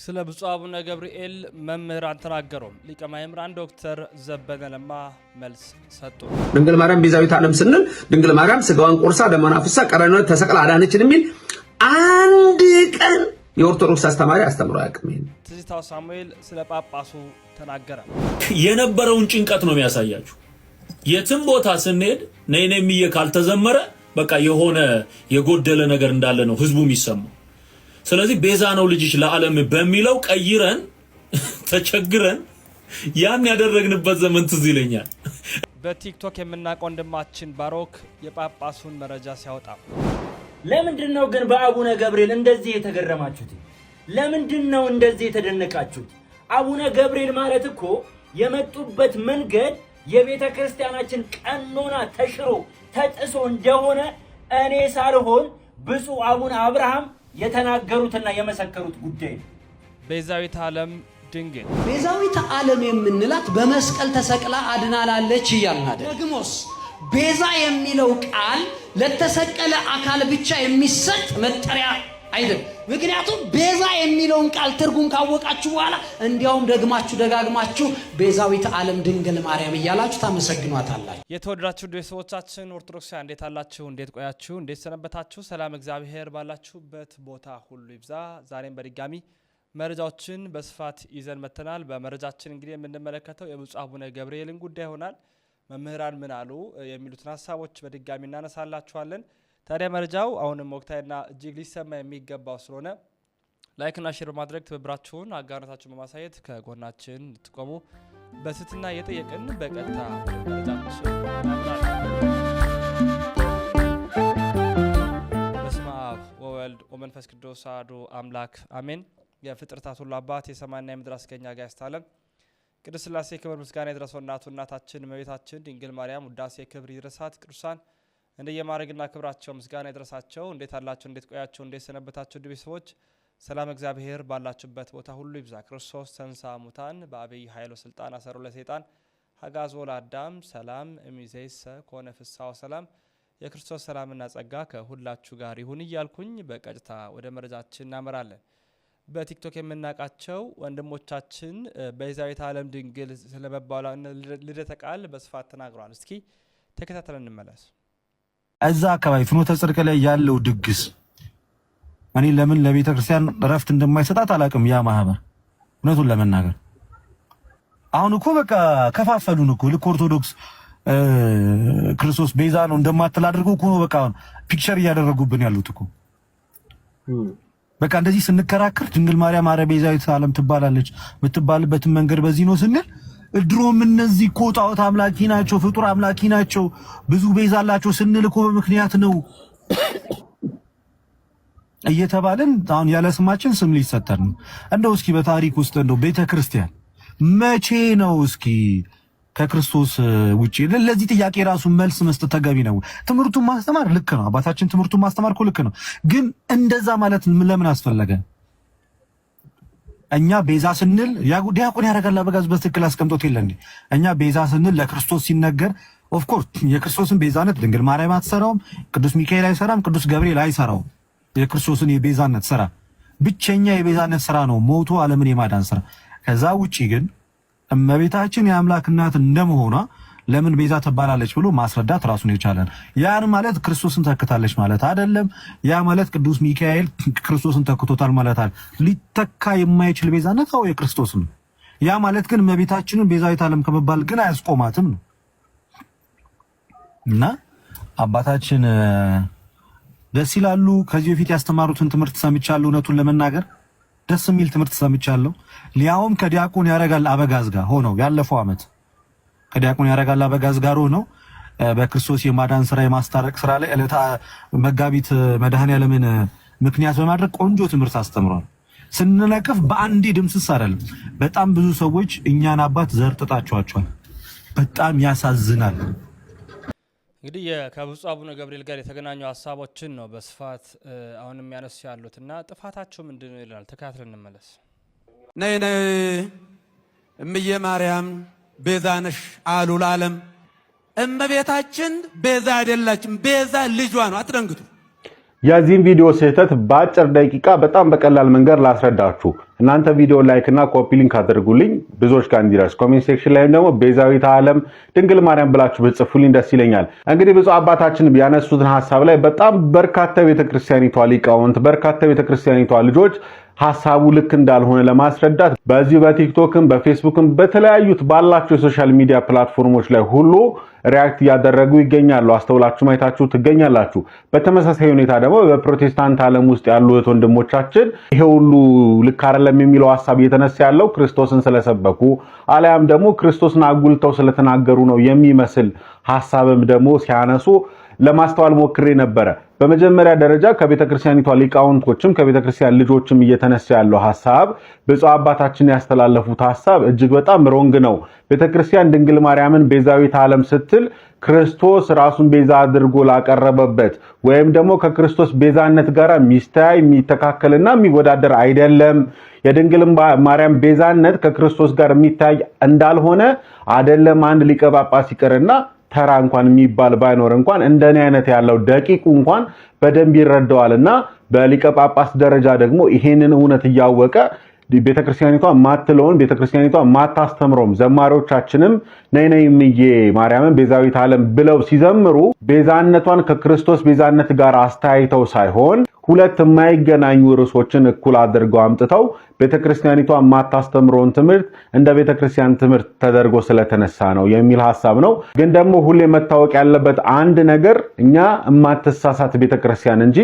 ስለ ብፁዕ አቡነ ገብርኤል መምህራን ተናገሩ ሊቀ ማእምራን ዶክተር ዘበነ ለማ መልስ ሰጡ። ድንግል ማርያም ቤዛዊት ዓለም ስንል ድንግል ማርያም ስጋዋን ቆርሳ ደሟን አፍስሳ ቀራንዮ ተሰቅላ አዳነችን የሚል አንድ ቀን የኦርቶዶክስ አስተማሪ አስተምሮ አያውቅም። ትዝታው ሳሙኤል ስለ ጳጳሱ ተናገረ። የነበረውን ጭንቀት ነው የሚያሳያችሁ። የትም ቦታ ስንሄድ ነይኔ ምዬ ካልተዘመረ በቃ የሆነ የጎደለ ነገር እንዳለ ነው ህዝቡ የሚሰማው። ስለዚህ ቤዛ ነው ልጅሽ ለዓለም በሚለው ቀይረን ተቸግረን ያን ያደረግንበት ዘመን ትዝ ይለኛል። በቲክቶክ የምናውቀው ወንድማችን ባሮክ የጳጳሱን መረጃ ሲያወጣ ለምንድን ነው ግን በአቡነ ገብርኤል እንደዚህ የተገረማችሁት? ለምንድን ነው እንደዚህ የተደነቃችሁት? አቡነ ገብርኤል ማለት እኮ የመጡበት መንገድ የቤተ ክርስቲያናችን ቀኖና ተሽሮ ተጥሶ እንደሆነ እኔ ሳልሆን ብፁዕ አቡነ አብርሃም የተናገሩትና የመሰከሩት ጉዳይ ነው። ቤዛዊት ዓለም ድንግል ቤዛዊት ዓለም የምንላት በመስቀል ተሰቅላ አድናላለች እያልን አይደል? ደግሞስ ቤዛ የሚለው ቃል ለተሰቀለ አካል ብቻ የሚሰጥ መጠሪያ አይደል? ምክንያቱም ቤዛ የሚለውን ቃል ትርጉም ካወቃችሁ በኋላ እንዲያውም ደግማችሁ ደጋግማችሁ ቤዛዊት ዓለም ድንግል ማርያም እያላችሁ ታመሰግኗታላችሁ። የተወደዳችሁ ቤተሰቦቻችን ኦርቶዶክሳውያን እንዴት አላችሁ? እንዴት ቆያችሁ? እንዴት ሰነበታችሁ? ሰላም እግዚአብሔር ባላችሁበት ቦታ ሁሉ ይብዛ። ዛሬም በድጋሚ መረጃዎችን በስፋት ይዘን መጥተናል። በመረጃችን እንግዲህ የምንመለከተው የብፁዕ አቡነ ገብርኤልን ጉዳይ ይሆናል። መምህራን ምን አሉ የሚሉትን ሀሳቦች በድጋሚ እናነሳላችኋለን። ታዲያ መረጃው አሁንም ወቅታዊና እጅግ ሊሰማ የሚገባው ስለሆነ ላይክና ሼር በማድረግ ትብብራችሁን አጋርነታችሁን በማሳየት ከጎናችን እንድትቆሙ በስትና እየጠየቅን በቀጥታ በስመ አብ ወወልድ ወመንፈስ ቅዱስ አዶ አምላክ አሜን። የፍጥረታት ሁሉ አባት የሰማይና የምድር አስገኛ ጋ ዓለም ቅዱስ ስላሴ ክብር ምስጋና የደረሰው እናቱ እናታችን መቤታችን ድንግል ማርያም ውዳሴ ክብር ይድረሳት። ቅዱሳን የማረግና ክብራቸው ምስጋና ይድረሳቸው። እንዴት አላችሁ? እንዴት ቆያችሁ? እንዴት ሰነበታችሁ? ድቤ ሰዎች ሰላም እግዚአብሔር ባላችሁበት ቦታ ሁሉ ይብዛ። ክርስቶስ ተንሳ ሙታን በአብይ ኃይሎ ስልጣን አሰሮ ለሰይጣን ሀጋዞ ለአዳም ሰላም እሚዘይሰ ከሆነ ፍሳው ሰላም የክርስቶስ ሰላምና ጸጋ ከሁላችሁ ጋር ይሁን እያልኩኝ በቀጥታ ወደ መረጃችን እናመራለን። በቲክቶክ የምናውቃቸው ወንድሞቻችን በኢዛቤት ዓለም ድንግል ስለመባሏ ልደተ ቃል በስፋት ተናግረዋል። እስኪ ተከታተለን እንመለስ። እዛ አካባቢ ፍኖተ ጽድቅ ላይ ያለው ድግስ እኔ ለምን ለቤተ ክርስቲያን እረፍት እንደማይሰጣት አላውቅም። ያ ማህበር እውነቱን ለመናገር አሁን እኮ በቃ ከፋፈሉን እኮ ልክ ኦርቶዶክስ ክርስቶስ ቤዛ ነው እንደማትል እኮ በቃ ፒክቸር እያደረጉብን ያሉት እኮ በቃ እንደዚህ ስንከራከር ድንግል ማርያም አረ ቤዛዊት ዓለም ትባላለች የምትባልበትን መንገድ በዚህ ነው ስንል ድሮም እነዚህ እኮ ጣዖት አምላኪ ናቸው፣ ፍጡር አምላኪ ናቸው፣ ብዙ ቤዛ አላቸው ስንል እኮ በምክንያት ነው እየተባልን አሁን ያለ ስማችን ስም ሊሰጠን ነው። እንደው እስኪ በታሪክ ውስጥ እንደው ቤተ ክርስቲያን መቼ ነው እስኪ ከክርስቶስ ውጭ ለዚህ ጥያቄ ራሱ መልስ መስጠት ተገቢ ነው። ትምህርቱን ማስተማር ልክ ነው። አባታችን ትምህርቱን ማስተማር እኮ ልክ ነው። ግን እንደዛ ማለት ለምን አስፈለገ? እኛ ቤዛ ስንል ዲያቆን ያደረጋል በጋዝ በትክክል አስቀምጦት የለን። እኛ ቤዛ ስንል ለክርስቶስ ሲነገር ኦፍኮርስ የክርስቶስን ቤዛነት ድንግል ማርያም አትሰራውም፣ ቅዱስ ሚካኤል አይሰራም፣ ቅዱስ ገብርኤል አይሰራውም። የክርስቶስን የቤዛነት ስራ ብቸኛ የቤዛነት ስራ ነው ሞቶ ዓለምን የማዳን ስራ። ከዛ ውጪ ግን እመቤታችን የአምላክ እናት እንደመሆኗ ለምን ቤዛ ትባላለች ብሎ ማስረዳት ራሱን የቻለን ያን ማለት ክርስቶስን ተክታለች ማለት አይደለም። ያ ማለት ቅዱስ ሚካኤል ክርስቶስን ተክቶታል ማለት አለ። ሊተካ የማይችል ቤዛነት አው የክርስቶስ ነው። ያ ማለት ግን እመቤታችንን ቤዛዊት ዓለም ከመባል ግን አያስቆማትም ነው እና አባታችን ደስ ይላሉ። ከዚህ በፊት ያስተማሩትን ትምህርት ሰምቻለሁ። እውነቱን ለመናገር ደስ የሚል ትምህርት ሰምቻለሁ። ሊያውም ከዲያቆን ያረጋል አበጋዝ ጋር ሆነው ያለፈው ዓመት ከዲያቆን ያረጋል አበጋዝ ጋር ሆኖ በክርስቶስ የማዳን ስራ የማስታረቅ ስራ ላይ ዕለታ መጋቢት መድኃኔዓለምን ምክንያት በማድረግ ቆንጆ ትምህርት አስተምሯል። ስንነቅፍ በአንዴ ድምስስ አይደለም። በጣም ብዙ ሰዎች እኛን አባት ዘርጥጣቸዋቸዋል። በጣም ያሳዝናል። እንግዲህ ከብፁዕ አቡነ ገብርኤል ጋር የተገናኙ ሀሳቦችን ነው በስፋት አሁን የሚያነሱ ያሉት እና ጥፋታቸው ምንድን ነው ይለናል። ተከታትለን እንመለስ። ነይ ነይ እምዬ ማርያም ቤዛነሽ አሉ ለዓለም። እመቤታችን ቤዛ አይደላችን፣ ቤዛ ልጇ ነው። አትደንግጡ። የዚህም ቪዲዮ ስህተት በአጭር ደቂቃ በጣም በቀላል መንገድ ላስረዳችሁ። እናንተ ቪዲዮ ላይክ እና ኮፒ ሊንክ አድርጉልኝ ብዙዎች ጋር እንዲደርስ። ኮሜንት ሴክሽን ላይም ደግሞ ቤዛዊተ ዓለም ድንግል ማርያም ብላችሁ ብትጽፉልኝ ደስ ይለኛል። እንግዲህ ብፁዕ አባታችን ያነሱትን ሀሳብ ላይ በጣም በርካታ ቤተክርስቲያኒቷ ሊቃውንት፣ በርካታ ቤተክርስቲያኒቷ ልጆች ሀሳቡ ልክ እንዳልሆነ ለማስረዳት በዚሁ በቲክቶክም በፌስቡክም በተለያዩት ባላቸው የሶሻል ሚዲያ ፕላትፎርሞች ላይ ሁሉ ሪያክት እያደረጉ ይገኛሉ። አስተውላችሁ ማየታችሁ ትገኛላችሁ። በተመሳሳይ ሁኔታ ደግሞ በፕሮቴስታንት ዓለም ውስጥ ያሉት ወንድሞቻችን ይሄ ሁሉ ልክ አይደለም የሚለው ሀሳብ እየተነሳ ያለው ክርስቶስን ስለሰበኩ አሊያም ደግሞ ክርስቶስን አጉልተው ስለተናገሩ ነው የሚመስል ሀሳብም ደግሞ ሲያነሱ ለማስተዋል ሞክሬ ነበረ። በመጀመሪያ ደረጃ ከቤተ ክርስቲያኒቷ ሊቃውንቶችም ከቤተ ክርስቲያን ልጆችም እየተነሳ ያለው ሀሳብ ብፁዕ አባታችን ያስተላለፉት ሀሳብ እጅግ በጣም ሮንግ ነው። ቤተ ክርስቲያን ድንግል ማርያምን ቤዛዊት ዓለም ስትል ክርስቶስ ራሱን ቤዛ አድርጎ ላቀረበበት ወይም ደግሞ ከክርስቶስ ቤዛነት ጋር ሚስተያይ የሚተካከልና የሚወዳደር አይደለም። የድንግል ማርያም ቤዛነት ከክርስቶስ ጋር የሚታይ እንዳልሆነ አደለም አንድ ሊቀ ጳጳስ ይቅርና ተራ እንኳን የሚባል ባይኖር እንኳን እንደኔ አይነት ያለው ደቂቁ እንኳን በደንብ ይረዳዋል እና በሊቀ ጳጳስ ደረጃ ደግሞ ይሄንን እውነት እያወቀ ቤተክርስቲያኒቷ ማትለውን ቤተክርስቲያኒቷ ማታስተምረውም ዘማሪዎቻችንም ነይ ነይ እምዬ ማርያምን ቤዛዊት ዓለም ብለው ሲዘምሩ ቤዛነቷን ከክርስቶስ ቤዛነት ጋር አስተያይተው ሳይሆን ሁለት የማይገናኙ ርዕሶችን እኩል አድርገው አምጥተው ቤተክርስቲያኒቷ የማታስተምረውን ትምህርት እንደ ቤተክርስቲያን ትምህርት ተደርጎ ስለተነሳ ነው የሚል ሀሳብ ነው። ግን ደግሞ ሁሌ መታወቅ ያለበት አንድ ነገር እኛ የማትሳሳት ቤተክርስቲያን እንጂ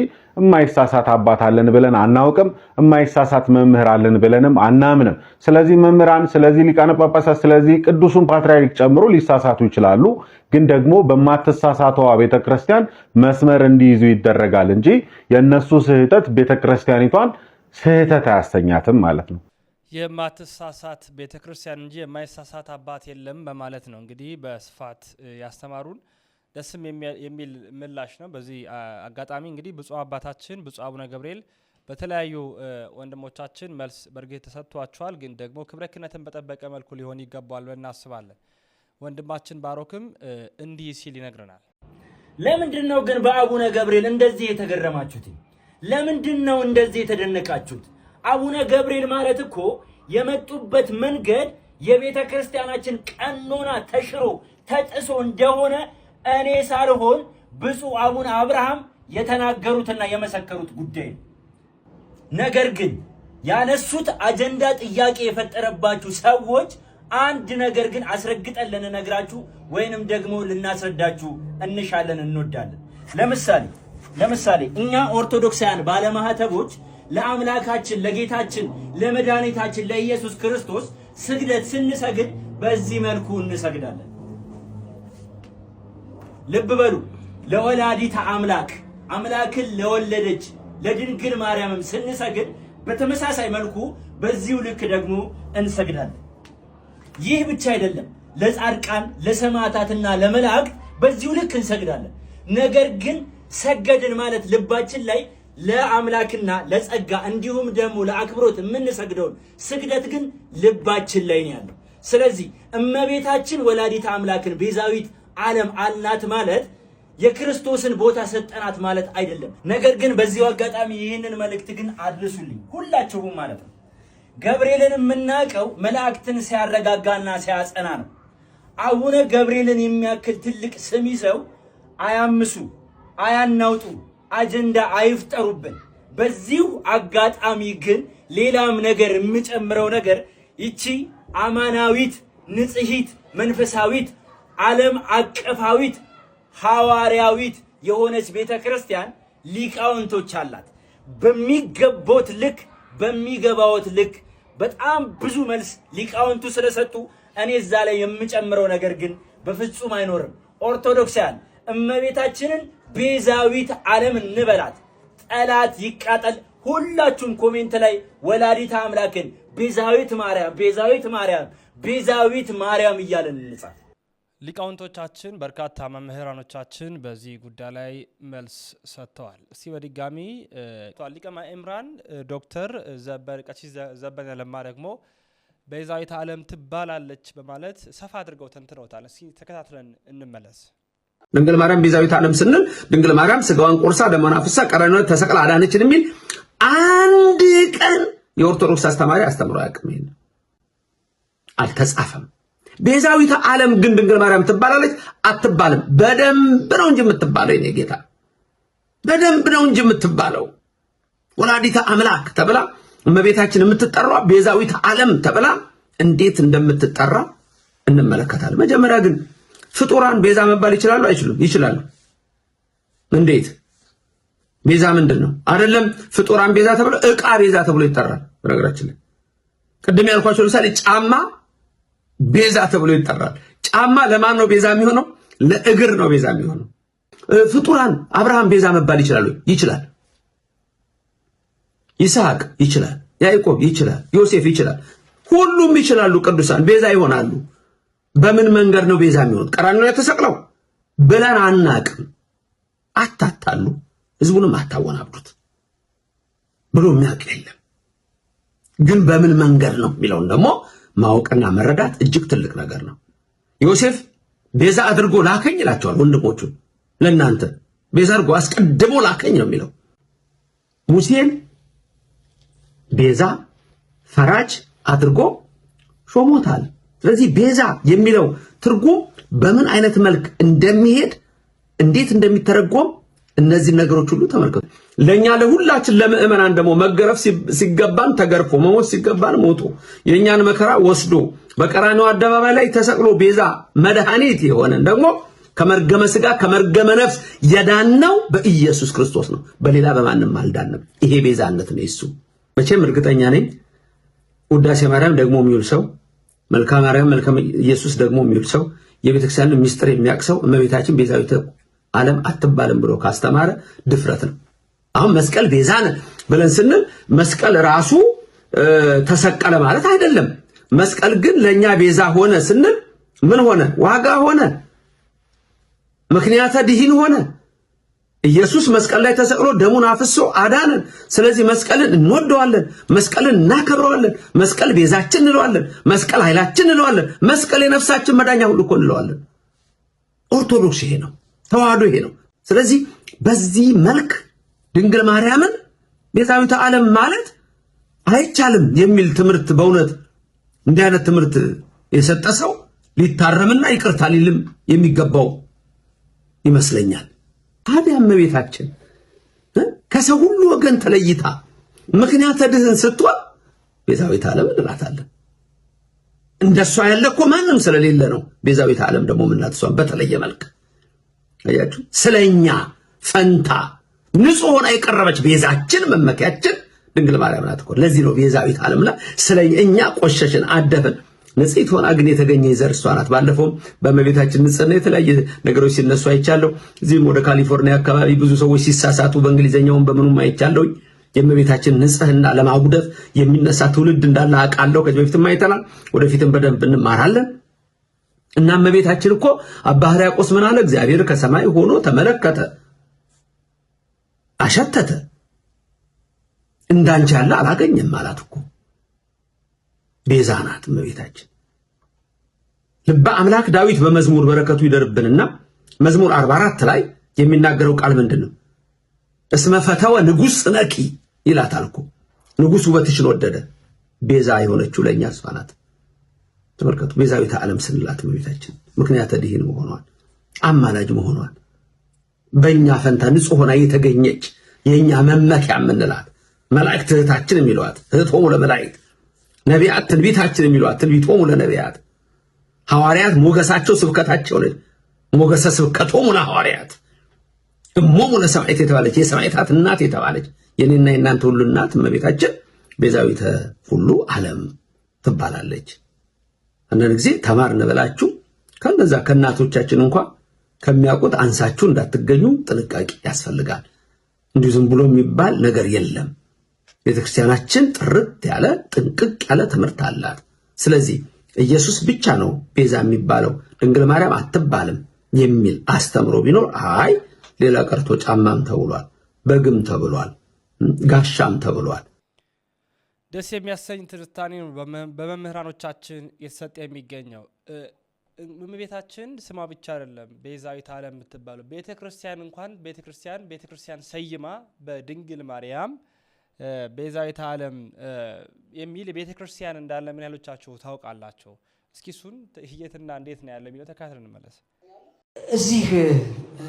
የማይሳሳት አባት አለን ብለን አናውቅም። የማይሳሳት መምህር አለን ብለንም አናምንም። ስለዚህ መምህራን፣ ስለዚህ ሊቃነ ጳጳሳት፣ ስለዚህ ቅዱሱን ፓትርያርክ ጨምሮ ሊሳሳቱ ይችላሉ። ግን ደግሞ በማትሳሳተዋ ቤተክርስቲያን መስመር እንዲይዙ ይደረጋል እንጂ የእነሱ ስህተት ቤተክርስቲያኒቷን ስህተት አያሰኛትም ማለት ነው። የማትሳሳት ቤተክርስቲያን እንጂ የማይሳሳት አባት የለም በማለት ነው እንግዲህ በስፋት ያስተማሩን። ደስም የሚል ምላሽ ነው። በዚህ አጋጣሚ እንግዲህ ብፁዕ አባታችን ብፁዕ አቡነ ገብርኤል በተለያዩ ወንድሞቻችን መልስ በእርግጥ ተሰጥቷቸዋል። ግን ደግሞ ክብረ ክህነትን በጠበቀ መልኩ ሊሆን ይገባል እናስባለን። ወንድማችን ባሮክም እንዲህ ሲል ይነግረናል። ለምንድን ነው ግን በአቡነ ገብርኤል እንደዚህ የተገረማችሁት? ለምንድን ነው እንደዚህ የተደነቃችሁት? አቡነ ገብርኤል ማለት እኮ የመጡበት መንገድ የቤተ ክርስቲያናችን ቀኖና ተሽሮ ተጥሶ እንደሆነ እኔ ሳልሆን ብፁዕ አቡነ አብርሃም የተናገሩትና የመሰከሩት ጉዳይ ነው። ነገር ግን ያነሱት አጀንዳ ጥያቄ የፈጠረባችሁ ሰዎች አንድ ነገር ግን አስረግጠን ልንነግራችሁ ወይንም ደግሞ ልናስረዳችሁ እንሻለን እንወዳለን። ለምሳሌ ለምሳሌ እኛ ኦርቶዶክሳውያን ባለማህተቦች ለአምላካችን ለጌታችን ለመድኃኒታችን ለኢየሱስ ክርስቶስ ስግደት ስንሰግድ በዚህ መልኩ እንሰግዳለን። ልብ በሉ። ለወላዲተ አምላክ አምላክን ለወለደች ለድንግል ማርያምም ስንሰግድ በተመሳሳይ መልኩ በዚሁ ልክ ደግሞ እንሰግዳለን። ይህ ብቻ አይደለም፣ ለጻድቃን ለሰማዕታትና ለመላእክት በዚሁ ልክ እንሰግዳለን። ነገር ግን ሰገድን ማለት ልባችን ላይ ለአምላክና ለጸጋ እንዲሁም ደግሞ ለአክብሮት የምንሰግደውን ስግደት ግን ልባችን ላይ ነው ያለው። ስለዚህ እመቤታችን ወላዲት አምላክን ቤዛዊት ዓለም አልናት ማለት የክርስቶስን ቦታ ሰጠናት ማለት አይደለም። ነገር ግን በዚሁ አጋጣሚ ይህንን መልእክት ግን አድርሱልኝ ሁላችሁም ማለት ነው። ገብርኤልን የምናውቀው መላእክትን ሲያረጋጋና ሲያጸና ነው። አቡነ ገብርኤልን የሚያክል ትልቅ ስም ይዘው አያምሱ፣ አያናውጡ፣ አጀንዳ አይፍጠሩብን። በዚሁ አጋጣሚ ግን ሌላም ነገር የምጨምረው ነገር ይቺ አማናዊት ንጽሂት መንፈሳዊት ዓለም አቀፋዊት ሐዋርያዊት የሆነች ቤተ ክርስቲያን ሊቃውንቶች አላት። በሚገቦት ልክ በሚገባዎት ልክ በጣም ብዙ መልስ ሊቃውንቱ ስለሰጡ እኔ እዛ ላይ የምጨምረው ነገር ግን በፍጹም አይኖርም። ኦርቶዶክሳውያን እመቤታችንን ቤዛዊት ዓለም እንበላት፣ ጠላት ይቃጠል። ሁላችሁም ኮሜንት ላይ ወላዲት አምላክን ቤዛዊት ማርያም፣ ቤዛዊት ማርያም፣ ቤዛዊት ማርያም እያለን እንጻፍ። ሊቃውንቶቻችን በርካታ መምህራኖቻችን በዚህ ጉዳይ ላይ መልስ ሰጥተዋል። እስቲ በድጋሚ ሊቀ ማእምራን ዶክተር ቀሲስ ዘበነ ለማ ደግሞ ቤዛዊተ ዓለም ትባላለች በማለት ሰፋ አድርገው ተንትነውታል። እስቲ ተከታትለን እንመለስ። ድንግል ማርያም ቤዛዊተ ዓለም ስንል ድንግል ማርያም ስጋዋን ቆርሳ ደሟን አፍሳ ቀራንዮ ተሰቅላ አዳነችን የሚል አንድ ቀን የኦርቶዶክስ አስተማሪ አስተምሮ አያውቅም። ይሄን አልተጻፈም። ቤዛዊተ ዓለም ግን ድንግል ማርያም ትባላለች አትባልም? በደንብ ነው እንጂ የምትባለው የኔ ጌታ፣ በደንብ ነው እንጂ የምትባለው። ወላዲተ አምላክ ተብላ እመቤታችን የምትጠራ ቤዛዊተ ዓለም ተብላ እንዴት እንደምትጠራ እንመለከታለን። መጀመሪያ ግን ፍጡራን ቤዛ መባል ይችላሉ አይችሉም? ይችላሉ። እንዴት ቤዛ ምንድን ነው? አይደለም ፍጡራን ቤዛ ተብሎ እቃ ቤዛ ተብሎ ይጠራል። በነገራችን ላይ ቅድም ያልኳቸው ለምሳሌ ጫማ ቤዛ ተብሎ ይጠራል። ጫማ ለማን ነው ቤዛ የሚሆነው? ለእግር ነው ቤዛ የሚሆነው። ፍጡራን አብርሃም ቤዛ መባል ይችላሉ? ይችላል። ይስሐቅ ይችላል። ያዕቆብ ይችላል። ዮሴፍ ይችላል። ሁሉም ይችላሉ። ቅዱሳን ቤዛ ይሆናሉ። በምን መንገድ ነው ቤዛ የሚሆኑት? ቀራንዮ ላይ ተሰቅለው ብለን አናቅም። አታታሉ፣ ህዝቡንም አታወናብዱት ብሎ የሚያውቅ የለም። ግን በምን መንገድ ነው የሚለውን ደግሞ ማወቅና መረዳት እጅግ ትልቅ ነገር ነው። ዮሴፍ ቤዛ አድርጎ ላከኝ ይላቸዋል ወንድሞቹን። ለእናንተ ቤዛ አድርጎ አስቀድሞ ላከኝ ነው የሚለው። ሙሴን ቤዛ ፈራጅ አድርጎ ሾሞታል። ስለዚህ ቤዛ የሚለው ትርጉም በምን አይነት መልክ እንደሚሄድ እንዴት እንደሚተረጎም እነዚህ ነገሮች ሁሉ ተመልከቱ። ለእኛ ለሁላችን ለምእመናን ደግሞ መገረፍ ሲገባን ተገርፎ መሞት ሲገባን ሞቶ የእኛን መከራ ወስዶ በቀራንዮ አደባባይ ላይ ተሰቅሎ ቤዛ መድኃኒት የሆነን ደግሞ ከመርገመ ስጋ ከመርገመ ነፍስ የዳነው በኢየሱስ ክርስቶስ ነው። በሌላ በማንም አልዳንም። ይሄ ቤዛነት ነው እሱ መቼም እርግጠኛ ነኝ ውዳሴ ማርያም ደግሞ የሚውል ሰው፣ መልካ ማርያም መልካ ኢየሱስ ደግሞ የሚውል ሰው፣ የቤተክርስቲያንን ምስጢር የሚያቅሰው እመቤታችን ቤዛዊተ ዓለም አትባልም ብሎ ካስተማረ ድፍረት ነው። አሁን መስቀል ቤዛ ብለን ስንል መስቀል ራሱ ተሰቀለ ማለት አይደለም። መስቀል ግን ለእኛ ቤዛ ሆነ ስንል ምን ሆነ? ዋጋ ሆነ፣ ምክንያተ ድሂን ሆነ። ኢየሱስ መስቀል ላይ ተሰቅሎ ደሙን አፍሶ አዳነን። ስለዚህ መስቀልን እንወደዋለን፣ መስቀልን እናከብረዋለን፣ መስቀል ቤዛችን እንለዋለን፣ መስቀል ኃይላችን እንለዋለን፣ መስቀል የነፍሳችን መዳኛ ሁሉ እኮ እንለዋለን። ኦርቶዶክስ ይሄ ነው። ተዋህዶ ይሄ ነው። ስለዚህ በዚህ መልክ ድንግል ማርያምን ቤዛዊተ ዓለም ማለት አይቻልም የሚል ትምህርት በእውነት እንዲህ አይነት ትምህርት የሰጠ ሰው ሊታረምና ይቅርታ ሊልም የሚገባው ይመስለኛል። ታዲያ እመቤታችን ከሰው ሁሉ ወገን ተለይታ ምክንያተ ድኅን ስትሆን ቤዛዊተ ዓለም እንላታለን። እንደሷ ያለ እኮ ማንም ስለሌለ ነው ቤዛዊተ ዓለም ደግሞ የምናት በተለየ መልክ አያችሁ፣ ስለኛ ፈንታ ንጹህ ሆና የቀረበች ቤዛችን መመኪያችን ድንግል ማርያም ናት እኮ። ለዚህ ነው ቤዛዊት ዓለም ላ ስለ እኛ ቆሸሽን፣ አደፍን፣ ንጽሕት ሆና ግን የተገኘ ዘር እሷ ናት። ባለፈውም በእመቤታችን ንጽሕና የተለያየ ነገሮች ሲነሱ አይቻለሁ። እዚህም ወደ ካሊፎርኒያ አካባቢ ብዙ ሰዎች ሲሳሳቱ በእንግሊዝኛውም በምኑም አይቻለሁኝ። የእመቤታችን ንጽሕና ለማጉደፍ የሚነሳ ትውልድ እንዳለ አውቃለሁ። ከዚህ በፊትም አይተናል፣ ወደፊትም በደንብ እንማራለን። እና እመቤታችን እኮ አባ ሕርያቆስ ምን አለ? እግዚአብሔር ከሰማይ ሆኖ ተመለከተ፣ አሸተተ፣ እንዳንቺ ያለ አላገኘም አላት እኮ። ቤዛ ናት እመቤታችን። ልበ አምላክ ዳዊት በመዝሙር በረከቱ ይደርብንና መዝሙር 44 ላይ የሚናገረው ቃል ምንድን ነው? እስመ ፈተወ ንጉሥ ጽነኪ ይላታል እኮ። ንጉሥ ውበትሽን ወደደ። ቤዛ የሆነችው ለእኛ እሷ ናት። ተመልከቱ፣ ቤዛዊተ ዓለም ስንላት እመቤታችን ምክንያተ ድኅነት መሆኗን አማላጅ መሆኗን በእኛ ፈንታ ንጹህ ሆና የተገኘች የእኛ መመኪያ የምንላት መላእክት እህታችን የሚሏት እህቶሙ ለመላእክት ነቢያት ትንቢታችን የሚሏት ትንቢቶሙ ለነቢያት ሐዋርያት ሞገሳቸው ስብከታቸው ነች። ሞገሰ ስብከቶሙ ለሐዋርያት እሞሙ ለሰማዕት የተባለች የሰማዕታት እናት የተባለች የኔና የእናንተ ሁሉ እናት እመቤታችን ቤዛዊተ ሁሉ ዓለም ትባላለች። አንዳንድ ጊዜ ተማርን በላችሁ ከነዛ ከእናቶቻችን እንኳ ከሚያውቁት አንሳችሁ እንዳትገኙ ጥንቃቄ ያስፈልጋል። እንዲሁ ዝም ብሎ የሚባል ነገር የለም። ቤተክርስቲያናችን ጥርት ያለ ጥንቅቅ ያለ ትምህርት አላት። ስለዚህ ኢየሱስ ብቻ ነው ቤዛ የሚባለው ድንግል ማርያም አትባልም የሚል አስተምሮ ቢኖር አይ ሌላ ቀርቶ ጫማም ተብሏል፣ በግም ተብሏል፣ ጋሻም ተብሏል። ደስ የሚያሰኝ ትንታኔ ነው በመምህራኖቻችን የተሰጠ የሚገኘው። እመቤታችን ስማ ብቻ አይደለም ቤዛዊት ዓለም የምትባለው ቤተ ክርስቲያን እንኳን ቤተ ክርስቲያን ቤተ ክርስቲያን ሰይማ በድንግል ማርያም ቤዛዊት ዓለም የሚል ቤተ ክርስቲያን እንዳለ ምን ያህሎቻችሁ ታውቃላችሁ? እስኪ እሱን ህየትና እንዴት ነው ያለ የሚለው ተካትል እንመለስ። እዚህ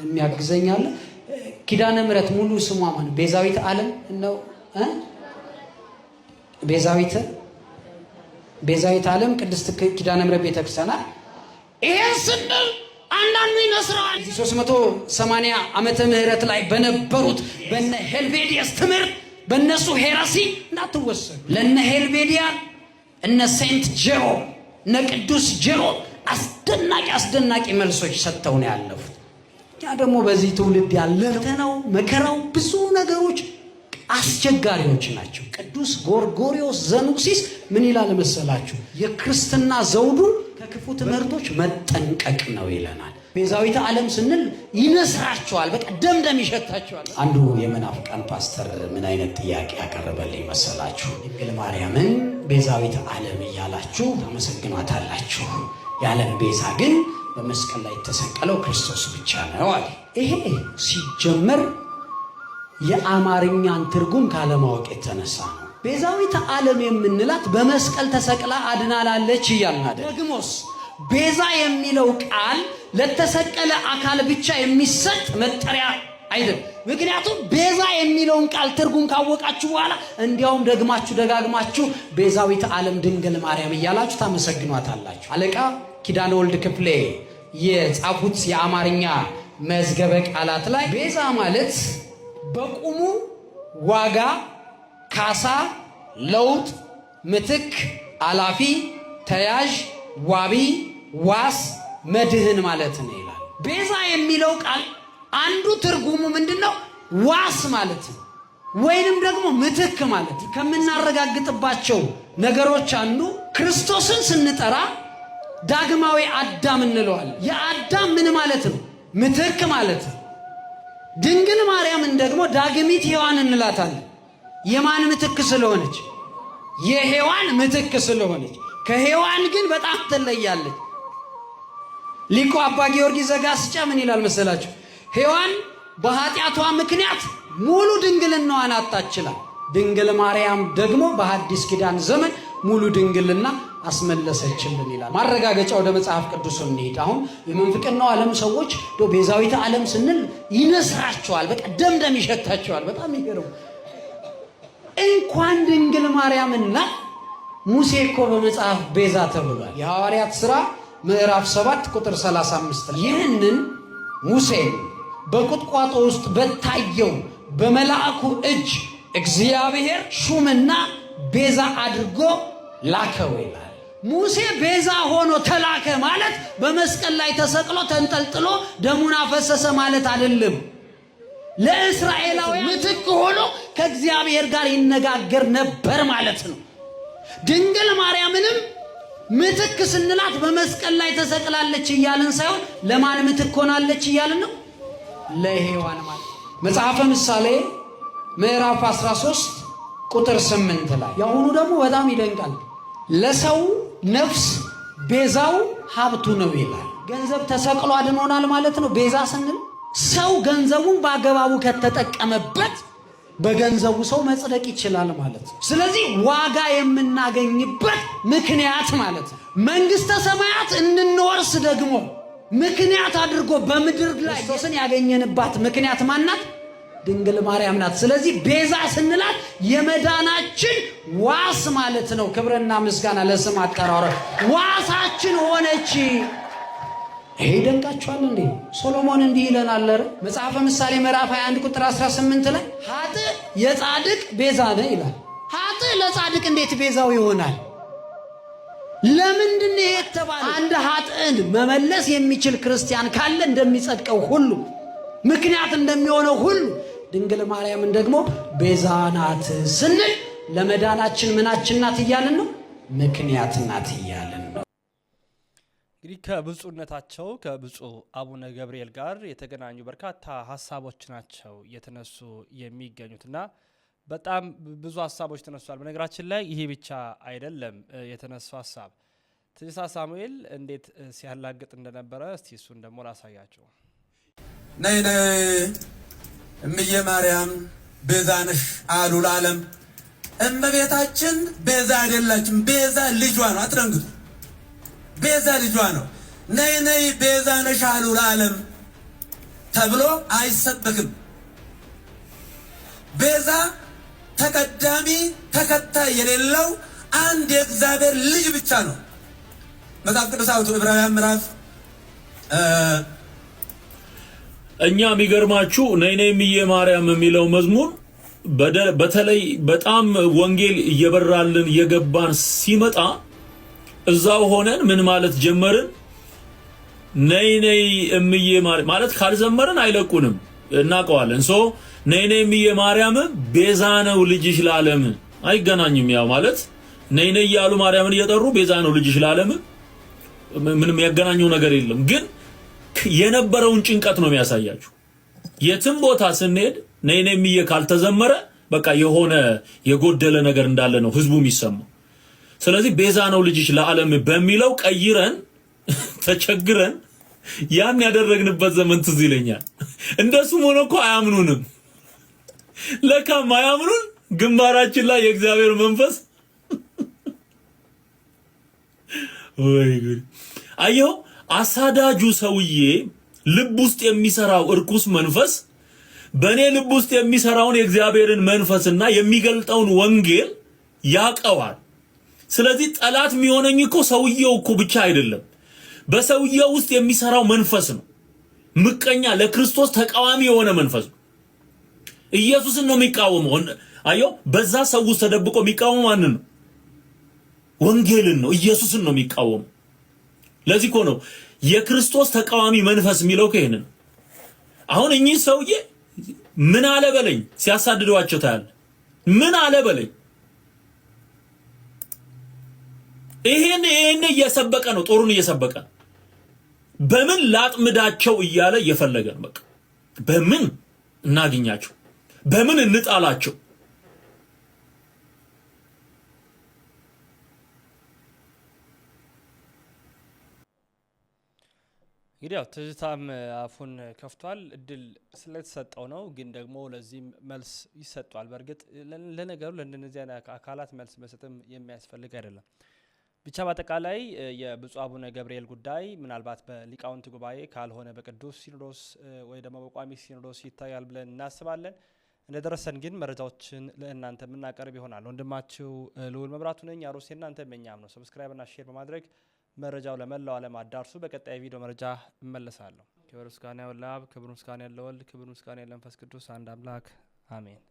የሚያግዘኛለ ኪዳነ ምሕረት ሙሉ ስሟ ቤዛዊት ዓለም ነው ቤዛዊት ቤዛዊት ዓለም ቅድስት ኪዳነ ምሕረት ቤተክርስቲያን ይሄን ስንል አንዳንዱ ይመስለዋል። 380 ዓመተ ምህረት ላይ በነበሩት በነ ሄልቬዲየስ ትምህርት በእነሱ ሄራሲ እንዳትወሰዱ። ለነ ሄልቬዲያ እነ ሴንት ጀሮ እነ ቅዱስ አስደናቂ አስደናቂ መልሶች ሰጥተው ነው ያለፉት። እኛ ደግሞ በዚህ ትውልድ ያለ መከራው ብዙ ነገሮች አስቸጋሪዎች ናቸው። ቅዱስ ጎርጎሪዎስ ዘኑሲስ ምን ይላል መሰላችሁ? የክርስትና ዘውዱን ከክፉ ትምህርቶች መጠንቀቅ ነው ይለናል። ቤዛዊተ ዓለም ስንል ይነስራቸዋል፣ በቃ ደምደም ይሸታቸዋል። አንዱ የመናፍቃን ፓስተር ምን አይነት ጥያቄ ያቀረበልኝ መሰላችሁ? ድንግል ማርያምን ቤዛዊተ ዓለም እያላችሁ ታመሰግኗታላችሁ፣ የዓለም ቤዛ ግን በመስቀል ላይ የተሰቀለው ክርስቶስ ብቻ ነው አለ። ይሄ ሲጀመር የአማርኛን ትርጉም ካለማወቅ የተነሳ ነው። ቤዛዊተ ዓለም የምንላት በመስቀል ተሰቅላ አድናላለች እያልን አይደል? ደግሞስ ቤዛ የሚለው ቃል ለተሰቀለ አካል ብቻ የሚሰጥ መጠሪያ አይደለም። ምክንያቱም ቤዛ የሚለውን ቃል ትርጉም ካወቃችሁ በኋላ እንዲያውም ደግማችሁ ደጋግማችሁ ቤዛዊት ዓለም ድንግል ማርያም እያላችሁ ታመሰግኗታላችሁ። አለቃ ኪዳነ ወልድ ክፍሌ የጻፉት የአማርኛ መዝገበ ቃላት ላይ ቤዛ ማለት በቁሙ ዋጋ፣ ካሳ፣ ለውጥ፣ ምትክ፣ አላፊ፣ ተያዥ፣ ዋቢ፣ ዋስ፣ መድህን ማለት ነው ይላል። ቤዛ የሚለው ቃል አንዱ ትርጉሙ ምንድን ነው? ዋስ ማለት ነው ወይንም ደግሞ ምትክ ማለት ነው። ከምናረጋግጥባቸው ነገሮች አንዱ ክርስቶስን ስንጠራ ዳግማዊ አዳም እንለዋለን። የአዳም ምን ማለት ነው? ምትክ ማለት ነው። ድንግል ማርያምን ደግሞ ዳግሚት ሔዋን እንላታለን። የማን ምትክ ስለሆነች? የሔዋን ምትክ ስለሆነች። ከሔዋን ግን በጣም ትለያለች። ሊቁ አባ ጊዮርጊስ ዘጋስጫ ምን ይላል መሰላችሁ? ሔዋን በኃጢአቷ ምክንያት ሙሉ ድንግልናዋን አጣችላል። ድንግል ማርያም ደግሞ በሐዲስ ኪዳን ዘመን ሙሉ ድንግልና አስመለሰችልን ይላል። ማረጋገጫ ወደ መጽሐፍ ቅዱስ እንሂድ። አሁን የመንፍቅናው ዓለም ሰዎች ቤዛዊተ ዓለም ስንል ይነስራቸዋል፣ በቃ ደምደም ይሸታቸዋል። በጣም ይገርም። እንኳን ድንግል ማርያምና ሙሴ እኮ በመጽሐፍ ቤዛ ተብሏል። የሐዋርያት ሥራ ምዕራፍ 7 ቁጥር 35 ይህንን ሙሴ በቁጥቋጦ ውስጥ በታየው በመላእኩ እጅ እግዚአብሔር ሹምና ቤዛ አድርጎ ላከው ይላል። ሙሴ ቤዛ ሆኖ ተላከ ማለት በመስቀል ላይ ተሰቅሎ ተንጠልጥሎ ደሙን አፈሰሰ ማለት አይደለም። ለእስራኤላውያን ምትክ ሆኖ ከእግዚአብሔር ጋር ይነጋገር ነበር ማለት ነው። ድንግል ማርያምንም ምትክ ስንላት በመስቀል ላይ ተሰቅላለች እያልን ሳይሆን ለማን ምትክ ሆናለች እያልን ነው? ለሔዋን ማለት መጽሐፈ ምሳሌ ምዕራፍ 13 ቁጥር 8 ላይ የአሁኑ ደግሞ በጣም ይደንቃል። ለሰው ነፍስ ቤዛው ሀብቱ ነው ይላል። ገንዘብ ተሰቅሎ አድኖናል ማለት ነው። ቤዛ ስንል ሰው ገንዘቡን በአገባቡ ከተጠቀመበት በገንዘቡ ሰው መጽደቅ ይችላል ማለት ነው። ስለዚህ ዋጋ የምናገኝበት ምክንያት ማለት ነው። መንግሥተ ሰማያት እንድንወርስ ደግሞ ምክንያት አድርጎ በምድር ላይ ክርስቶስን ያገኘንባት ምክንያት ማናት? ድንግል ማርያም ናት። ስለዚህ ቤዛ ስንላት የመዳናችን ዋስ ማለት ነው። ክብርና ምስጋና ለስም አጠራረ ዋሳችን ሆነች። ይሄ ደንቃችኋል እንዴ? ሶሎሞን እንዲህ ይለናል መጽሐፈ ምሳሌ ምዕራፍ 21 ቁጥር 18 ላይ ሀጥ የጻድቅ ቤዛ ነ ይላል። ሀጥ ለጻድቅ እንዴት ቤዛው ይሆናል? ለምንድን ነው የተባለ? አንድ ሀጥን መመለስ የሚችል ክርስቲያን ካለ እንደሚጸድቀው ሁሉ ምክንያት እንደሚሆነው ሁሉ ድንግል ማርያምን ደግሞ ቤዛ ናት ስንል ለመዳናችን ምናችን ናት እያልን ነው፣ ምክንያት ናት እያልን ነው። እንግዲህ ከብፁዕነታቸው ከብፁዕ አቡነ ገብርኤል ጋር የተገናኙ በርካታ ሀሳቦች ናቸው እየተነሱ የሚገኙትና በጣም ብዙ ሀሳቦች ተነሷል። በነገራችን ላይ ይሄ ብቻ አይደለም የተነሳው ሀሳብ ትንሳ ሳሙኤል እንዴት ሲያላግጥ እንደነበረ እስቲ እሱን ደግሞ ላሳያቸው። እምየ ማርያም ቤዛነሽ አሉ ለዓለም። እመቤታችን ቤዛ አይደላችም፣ ቤዛ ልጇ ነው። አትደንግጡ፣ ቤዛ ልጇ ነው። ነይ ነይ ቤዛነሽ አሉ ለዓለም ተብሎ አይሰበክም። ቤዛ ተቀዳሚ ተከታይ የሌለው አንድ የእግዚአብሔር ልጅ ብቻ ነው። መጽሐፍ ቅዱስ አውጡ ዕብራውያን ምዕራፍ እኛ የሚገርማችሁ ነይ ነይ ማርያም የሚለው መዝሙር በተለይ በጣም ወንጌል እየበራልን እየገባን ሲመጣ እዛው ሆነን ምን ማለት ጀመርን? ነይ እምዬ ማርያም ማለት ካልዘመርን አይለቁንም፣ እናውቀዋለን። ሶ ነይ ነይ እምዬ ማርያም ቤዛ ነው ልጅሽ ለዓለም አይገናኝም። ያው ማለት ነይ እያሉ ማርያምን እየጠሩ ቤዛ ነው ልጅሽ ለዓለም ምንም ያገናኘው ነገር የለም ግን የነበረውን ጭንቀት ነው የሚያሳያችሁ። የትም ቦታ ስንሄድ ነይነ የሚየ ካልተዘመረ በቃ የሆነ የጎደለ ነገር እንዳለ ነው ህዝቡ የሚሰማው። ስለዚህ ቤዛ ነው ልጅሽ ለዓለም በሚለው ቀይረን ተቸግረን ያን ያደረግንበት ዘመን ትዝ ይለኛል። እንደሱም ሆነ እኮ አያምኑንም። ለካም አያምኑን ግንባራችን ላይ የእግዚአብሔር መንፈስ ወይ አየው አሳዳጁ ሰውዬ ልብ ውስጥ የሚሰራው እርኩስ መንፈስ በእኔ ልብ ውስጥ የሚሰራውን የእግዚአብሔርን መንፈስና የሚገልጠውን ወንጌል ያቀዋል። ስለዚህ ጠላት የሚሆነኝ እኮ ሰውየው እኮ ብቻ አይደለም፣ በሰውየው ውስጥ የሚሰራው መንፈስ ነው። ምቀኛ፣ ለክርስቶስ ተቃዋሚ የሆነ መንፈስ ነው። ኢየሱስን ነው የሚቃወመው። አየው፣ በዛ ሰው ውስጥ ተደብቆ የሚቃወመው ማንን ነው? ወንጌልን ነው። ኢየሱስን ነው የሚቃወመው። ለዚህ እኮ ነው የክርስቶስ ተቃዋሚ መንፈስ የሚለው እኮ ይሄንን። አሁን እኚህ ሰውዬ ምን አለ በለኝ ሲያሳድዷቸው ታያለ። ምን አለ በለኝ ይሄን ይሄን እየሰበቀ ነው፣ ጦሩን እየሰበቀ በምን ላጥምዳቸው እያለ እየፈለገን በቃ በምን እናግኛቸው፣ በምን እንጣላቸው እንግዲህ ያው ትዝታም አፉን ከፍቷል። እድል ስለተሰጠው ነው፣ ግን ደግሞ ለዚህ መልስ ይሰጧል። በእርግጥ ለነገሩ ለእንደነዚህ አካላት መልስ መሰጥም የሚያስፈልግ አይደለም። ብቻ በአጠቃላይ የብፁዕ አቡነ ገብርኤል ጉዳይ ምናልባት በሊቃውንት ጉባኤ ካልሆነ በቅዱስ ሲኖዶስ ወይ ደግሞ በቋሚ ሲኖዶስ ይታያል ብለን እናስባለን። እንደደረሰን ግን መረጃዎችን ለእናንተ የምናቀርብ ይሆናል። ወንድማችሁ ልውል መብራቱ ነኝ። አሮሴ እናንተ መኛም ነው። ሰብስክራይብና ሼር በማድረግ መረጃው ለመላው ዓለም አዳርሱ። በቀጣይ ቪዲዮ መረጃ እመለሳለሁ። ክብር ምስጋና ለአብ፣ ክብር ምስጋና ለወልድ፣ ክብር ምስጋና ለመንፈስ ቅዱስ አንድ አምላክ አሜን።